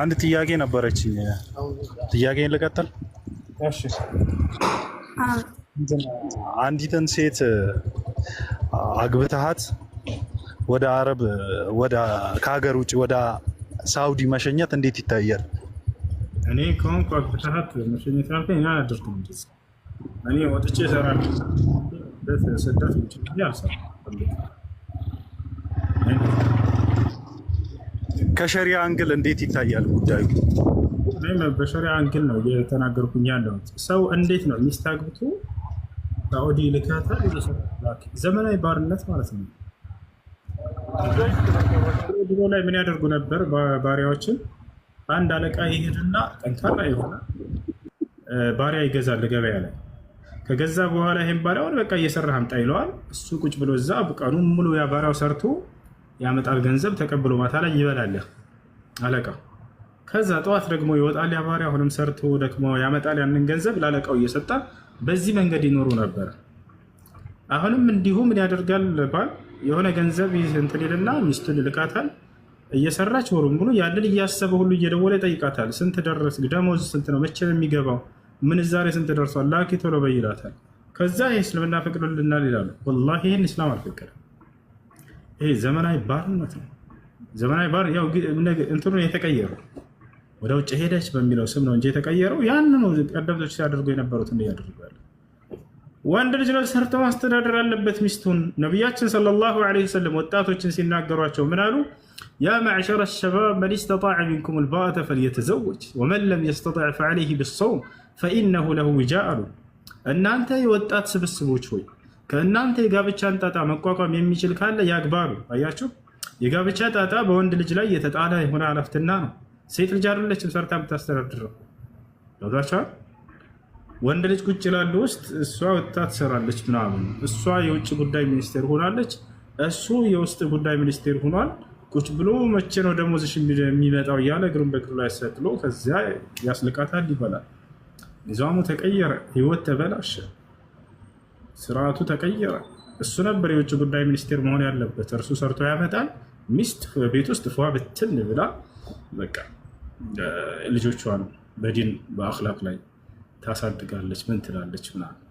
አንድ ጥያቄ ነበረችኝ። ጥያቄን ልቀጥል። አንዲትን ሴት አግብተሃት ወደ አረብ ከሀገር ውጭ ወደ ሳውዲ መሸኘት እንዴት ይታያል? እኔ ከሆንኩ አግብተሃት መሸኘት ያልከኝ እኔ አላደርግም። እኔ ወጥቼ እሰራለሁ። ስደት ውጭ አልሰራም። ከሸሪያ አንግል እንዴት ይታያል ጉዳዩ? በሸሪያ አንግል ነው የተናገርኩኝ ያለው። ሰው እንዴት ነው ሚስት አግብቶ ሳዑዲ ልካታ ዘመናዊ ባርነት ማለት ነው። ድሮ ላይ ምን ያደርጉ ነበር? ባሪያዎችን አንድ አለቃ ይሄድና ጠንካራ የሆነ ባሪያ ይገዛል ገበያ ላይ። ከገዛ በኋላ ይሄን ባሪያውን በቃ እየሰራህ አምጣ ይለዋል። እሱ ቁጭ ብሎ እዛ ቀኑን ሙሉ ያ ባሪያው ሰርቶ ያመጣል ገንዘብ ተቀብሎ ማታ ላይ ይበላልህ አለቃ። ከዛ ጠዋት ደግሞ ይወጣል። ያ ባሪያ አሁንም ሰርቶ ደግሞ ያመጣል ያንን ገንዘብ ላለቃው እየሰጣ በዚህ መንገድ ይኖሩ ነበር። አሁንም እንዲሁ ምን ያደርጋል ባል የሆነ ገንዘብ እንትን ይልና ሚስቱን ይልካታል። እየሰራች ወሩም ብሎ ያንን እያሰበ ሁሉ እየደወለ ይጠይቃታል። ስንት ደረስ? ደሞዝ ስንት ነው? መቼ የሚገባው? ምንዛሬ ስንት ደርሷል? ላኪ ቶሎ በይ ከዛ ይህ እስልምና ይላሉ። ወላሂ ይህን እስላም አልፈቀደም። ይሄ ዘመናዊ ባርነት ነው። ዘመናዊ ባር ያው እንትኑ የተቀየረው ወደ ውጭ ሄደች በሚለው ስም ነው እንጂ የተቀየረው ያን ነው። ቀደምቶች ሲያደርጉ የነበሩት እያደርጉ ያለ ወንድ ልጅ ሰርቶ ማስተዳደር አለበት ሚስቱን። ነቢያችን ሰለላሁ ዐለይሂ ወሰለም ወጣቶችን ሲናገሯቸው ምን አሉ? ያ መዕሸረ ሸባብ መን ስተጣዐ ሚንኩም ልባአተ ፈልየተዘወጅ ወመን ለም የስተጣዕ ፈዐለይህ ብሰውም ፈኢነሁ ለሁ ዊጃእ አሉ። እናንተ የወጣት ስብስቦች ሆይ ከእናንተ የጋብቻን ጣጣ መቋቋም የሚችል ካለ ያግባሉ። አያችሁ፣ የጋብቻ ጣጣ በወንድ ልጅ ላይ የተጣለ የሆነ አለፍትና ነው። ሴት ልጅ አይደለችም ሰርታ ምታስተዳድረው ገብቷችኋል? ወንድ ልጅ ቁጭ ላሉ ውስጥ እሷ ወጥታ ትሰራለች ምናምን። እሷ የውጭ ጉዳይ ሚኒስቴር ሆናለች፣ እሱ የውስጥ ጉዳይ ሚኒስቴር ሆኗል። ቁጭ ብሎ መቼ ነው ደሞዝሽ የሚመጣው እያለ እግሩን በእግሩ ላይ ሰጥሎ ከዚያ ያስልቃታል፣ ይበላል። ኒዛሙ ተቀየረ፣ ህይወት ተበላሸ። ስርዓቱ ተቀየረ። እሱ ነበር የውጭ ጉዳይ ሚኒስቴር መሆን ያለበት። እርሱ ሰርቶ ያመጣል። ሚስት ቤት ውስጥ ፏ ብትን ብላ በቃ ልጆቿን በዲን በአክላቅ ላይ ታሳድጋለች። ምን ትላለች ምናምን